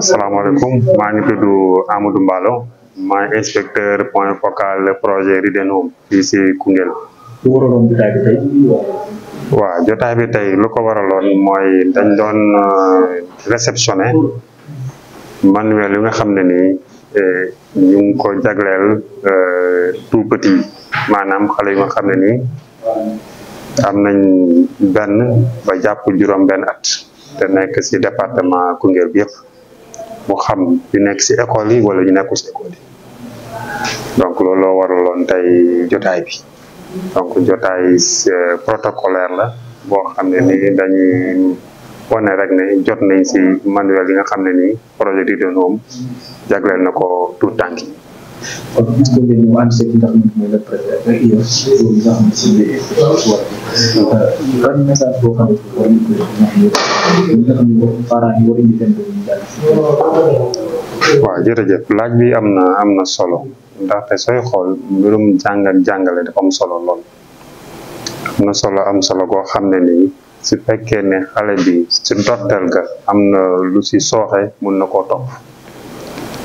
Assalamualaikum, maa ngi tudd Amadou mbalo maay inspecteur point focal projet Riden Home ci kungel Koungheul. lu waraloon jotaay bi tey. bi tey lu ko waralon moy dañ don euh, réceptionné manuel yi nga xamné ni nii euh, ñu ko jaglél euh tout petit manam xalé yi nga xamné ni am nañ ben ba japp juroom ben at te nek ci département kungel bi mu xam ñu si école yi wala ñu nekkul si école yi donc loolu loo loon tey jotaay bi donc jotaay euh, protocolaire la boo xam ne ni dañuy wane rek ne jot nañ si manuel yi nga xam ne nii projet Leader in Home jagleel na ko tout tànk بالنسبه للنوانس اللي نقدر نقول الغذائيه والنظام السلبي كان مثلا هو كان يقول فاران يوري دين waaw jërëjëf laaj bi am na am na solo ndaxte sooy mbirum jàngal jàngale dafa am solo lool am solo am solo goo xam ne su fekkee ne xale bi si dottal ga amna na lu si sooxe eh, mun na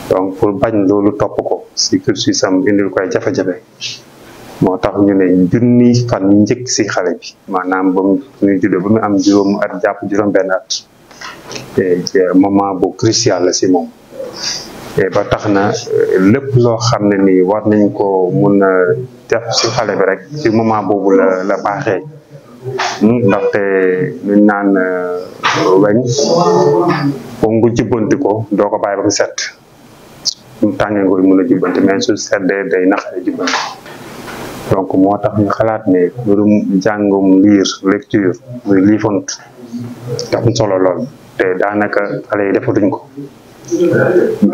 donc pour bañ lolu top ko ci si ci sam indil koy jafé jafé jafe tax ñu né jooni fan ñeek ci xalé bi manam bu ñu jidé bu ñu am juroom at japp juroom ben at moment bu crucial la ci mom moom ba taxna lepp lo xamné ni war nañ ko mëna def ci xalé bi rek ci moment bobu la la baxé ndax té ñu naan euh, wañ ko ngu jubbanti ko do ko bay ba mu set su tàngee nga koy mën a jubbanti mais su seddee day naqare jubbanti donc moo tax ñu xalaat ne mbirum jàngum liir lecture muy liifont dafa solo lool te daanaka xale yi defatuñ ko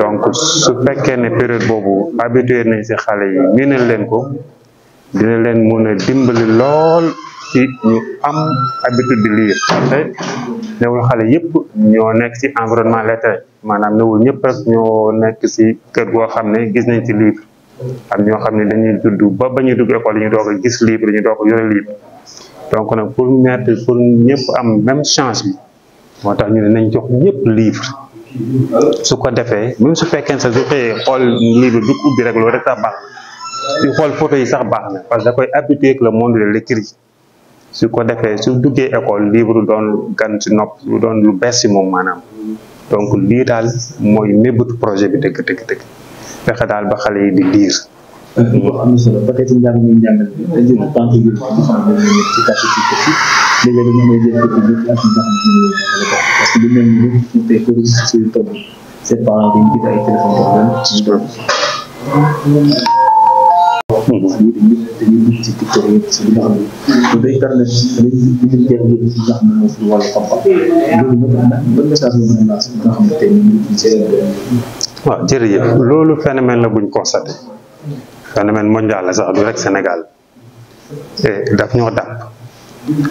donc su fekkee ne période boobu habitué nañ si xale yi miinal leen ko dina leen mën dimbali lool ci am habitude di lire te newul xale yëpp ñoo nekk ci environnement lettré maanaam newul ñëpp rek ñoo nekk ci kër goo xam ne gis nañ ci livre am ñoo xam ne dañuy judd ba ba ñuy dugg école ñu doog a gis livre ñu doog a yore livre donc nag pour mettre pour ñëpp am même chance bi moo tax ñu ne nañ jox ñëpp livre su ko defee même su fekkee sax su xëyee xool livre du ubbi rek loolu rek sax baax na xool photo yi sax baax na parce que da koy habitué ak le monde de l'écrit su ko defee su duggee école livre doon gan ci nopp lu doon lu bees ci moom maanaam donc lii daal mooy mébut projet bi dëgg dëgg dëgg daal ba xale yi di liir. ndax ñun dañuy loolu moo la mën a lancé nga buñ constaté mondial la sax du rek Sénégal te eh, daf ñoo dab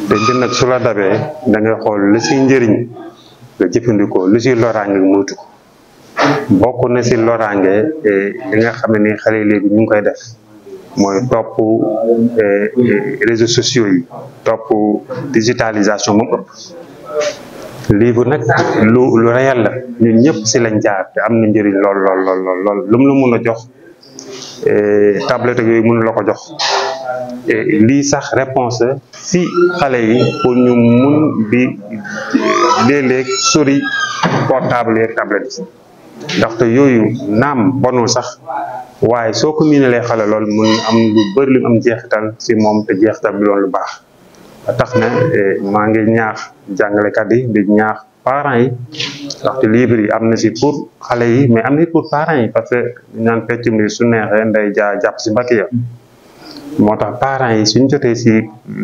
te nag su la dabee da ngay xool lu siy njëriñ nga jëfandikoo lu siy loraange moytu ko si loraange eh, li nga xam ne ni xale léegi ñu koy def mooy topp euh, réseaux sociaux yi topp digitalisation moom ëpp livre nag lu lu réel la ñun ñëpp si lañ jaar te am na njëriñ lool lool lool lool lool lu mun a jox euh, tablet yooyu mënu la ko jox euh, lii sax réponse si xale yi pour ñu mun di léeg-léeg sori portable yeeg tablette ndaxte yooyu naam bonul sax waaye soo ko miinalee xale lool mun am lu bëri lu am jeexital si moom te jeexital bi loolu lu baax tax na eh, maa ngi ñaax jàngalekat yi di ñaax parents yi ndaxte livre yi am na si pour xale yi mais am na pour parents yi parce que naan feccum li su neexee nday jaa jàpp si mbakk ya moo tax parents yi suñ jotee si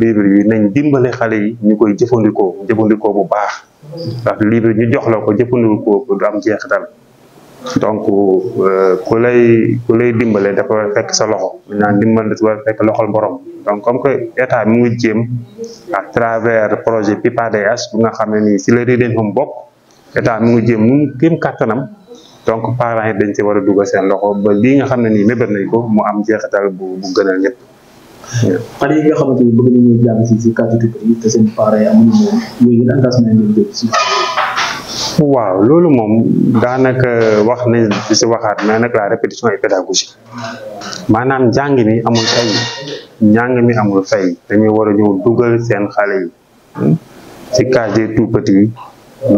livre yi nañ dimbale xale yi ñu koy jëfandikoo jëfandikoo bu baax ndax livre ñu jox la ko jëfandikoo ko du am jeexital donc ku lay ku lay dimbale dafa war fekk sa loxo ñaan dimbal da fekk loxol borom donc comme que état mu ngi jéem à travers projet PIPADS bu nga xamné ni ci si la réeréen bok état mu ngi jéem mu ngi katanam donc parents yi dañ ci wara a sen loxo ba li nga xamné ni nii nañ ko mu am jéxatal bu bu gënal ñëpp xali nga xamné ni bëgg nañu jàng ci ci cadre de te sen parents yi amuñu moom yooyu engagement ñu def ci waaw loolu moom daanaka wax nañ di si waxaat mais nag la répétition et pédagogie maanaam njàng mi amul fay njàng mi amul fay war a ñëw dugal seen xale yi hmm, si case des tout petits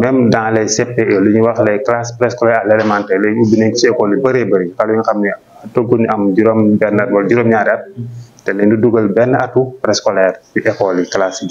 même dans les CPE lu ñuy wax les classes préscolaires à l'élémentaire léegi ubbi nañ ci école yu bëree bëri xale xam ni xam ne am juróom benn at wala juróom-ñaari te leen di dugal benn atu préscolaire fi école yi classe yi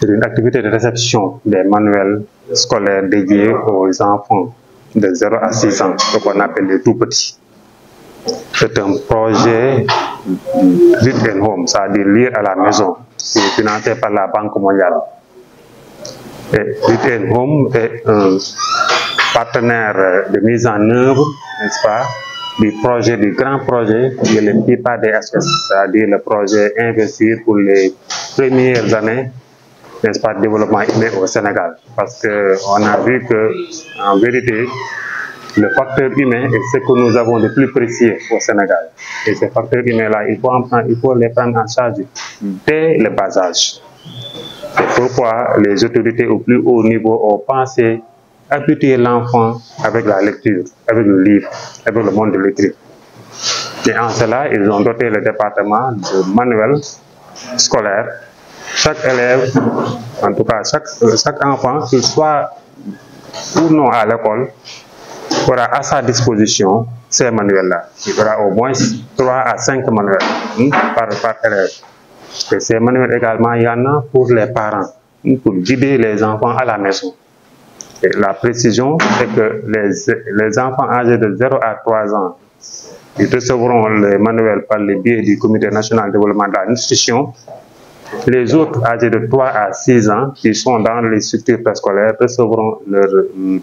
C'est une activité de réception des manuels scolaires dédiés aux enfants de 0 à 6 ans, ce qu'on appelle les tout petits. C'est un projet Read and Home, c'est-à-dire lire à la maison, qui est financé par la Banque mondiale. Et Read and Home est un partenaire de mise en œuvre, n'est-ce pas, du projet, du grand projet de l'EPIPA c'est-à-dire le projet Investir pour les premières années n'est-ce développement humain au Sénégal. Parce qu'on a vu que, en vérité, le facteur humain est ce que nous avons de plus précieux au Sénégal. Et ces facteurs humains-là, il, faut les prendre en charge dès le bas âge. C'est pourquoi les autorités au plus haut niveau ont pensé habituer l'enfant avec la lecture, avec le livre, avec le monde de l'écrit. Et en cela, ils ont doté le département de manuels scolaires chaque élève, en tout cas chaque, chaque enfant, qu'il soit ou non à l'école, aura à sa disposition ces manuels-là. Il y aura au moins 3 à 5 manuels hmm, par, par, élève. Et ces manuels également, il y en a pour les parents, hmm, pour guider les enfants à la maison. Et la précision c'est que les, les enfants âgés de 0 à 3 ans ils recevront les manuels par le biais du Comité national de développement de l'institution les autres âgés de 3 à 6 ans qui sont dans les structures préscolaires recevront leur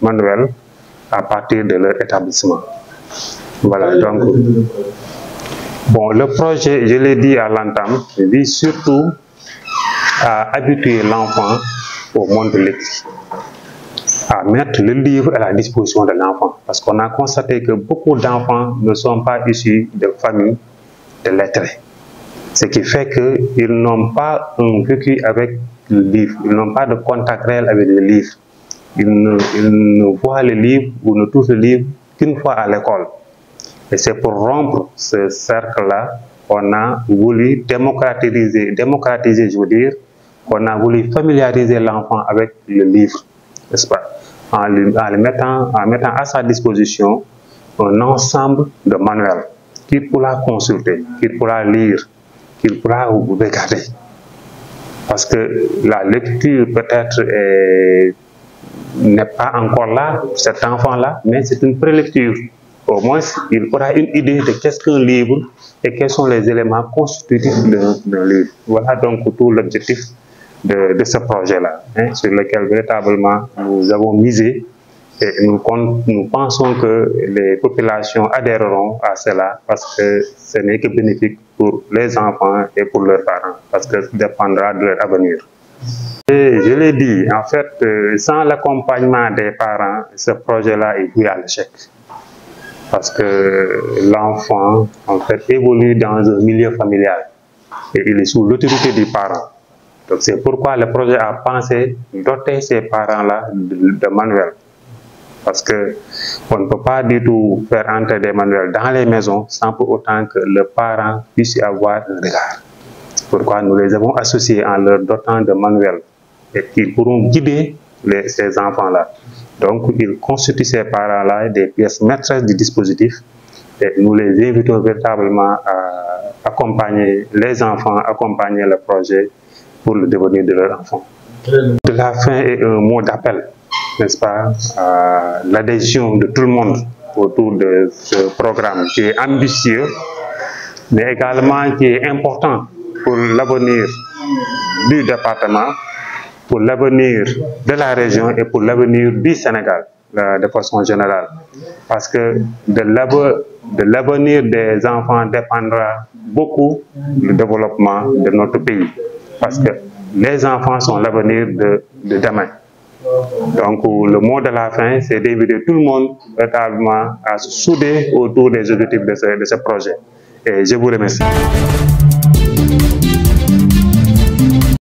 manuel à partir de leur établissement. Voilà, donc... Bon, le projet, je l'ai dit à l'entame, vise surtout à habituer l'enfant au monde de l'écrit, à mettre le livre à la disposition de l'enfant. Parce qu'on a constaté que beaucoup d'enfants ne sont pas issus de familles de lettrés. Ce qui fait qu'ils n'ont pas un vécu avec le livre, ils n'ont pas de contact réel avec le livre. Ils ne, voient le livre ou ne touchent le livre qu'une fois à l'école. Et c'est pour rompre ce cercle-là qu'on a voulu démocratiser, démocratiser, je veux dire, qu'on a voulu familiariser l'enfant avec le livre, n'est-ce pas en, mettant, en mettant à sa disposition un ensemble de manuels qu'il pourra consulter, qu'il pourra lire, il pourra regarder. Parce que la lecture peut-être n'est pas encore là, cet enfant-là, mais c'est une prélecture. Au moins, il aura une idée de qu'est-ce qu'un livre et quels sont les éléments constitutifs d'un livre. Voilà donc tout l'objectif de, ce projet-là, hein, sur lequel véritablement nous avons misé et nous, nous, pensons que les populations adhéreront à cela parce que ce n'est que bénéfique pour les enfants et pour leurs parents, parce que ça dépendra de leur avenir. Et je l'ai dit, en fait, euh, sans l'accompagnement des parents, ce projet-là est voué à l'échec. Parce que l'enfant, en fait, évolue dans un milieu familial et il est sous l'autorité des parents Donc c'est pourquoi le projet a pensé doter ces parents-là de, de manuels parce que on ne peut pas du tout faire entrer des manuels dans les maisons sans pour autant que le parent puisse avoir un regard. Pourquoi nous les avons associés en leur dotant de manuels et qu'ils pourront guider ces enfants-là. Donc, ils constituent ces parents-là des pièces maîtresses du dispositif et nous les invitons véritablement à accompagner les enfants, accompagner le projet pour le devenir de leur enfant. De la fin est un mot d'appel n'est-ce pas, euh, l'adhésion de tout le monde autour de ce programme qui est ambitieux, mais également qui est important pour l'avenir du département, pour l'avenir de la région et pour l'avenir du Sénégal de façon générale. Parce que de l'avenir des enfants dépendra beaucoup le développement de notre pays. Parce que les enfants sont l'avenir de demain. Donc, le mot de la fin, c'est d'inviter tout le monde véritablement à se souder autour des objectifs de ce, de ce projet. Et je vous remercie.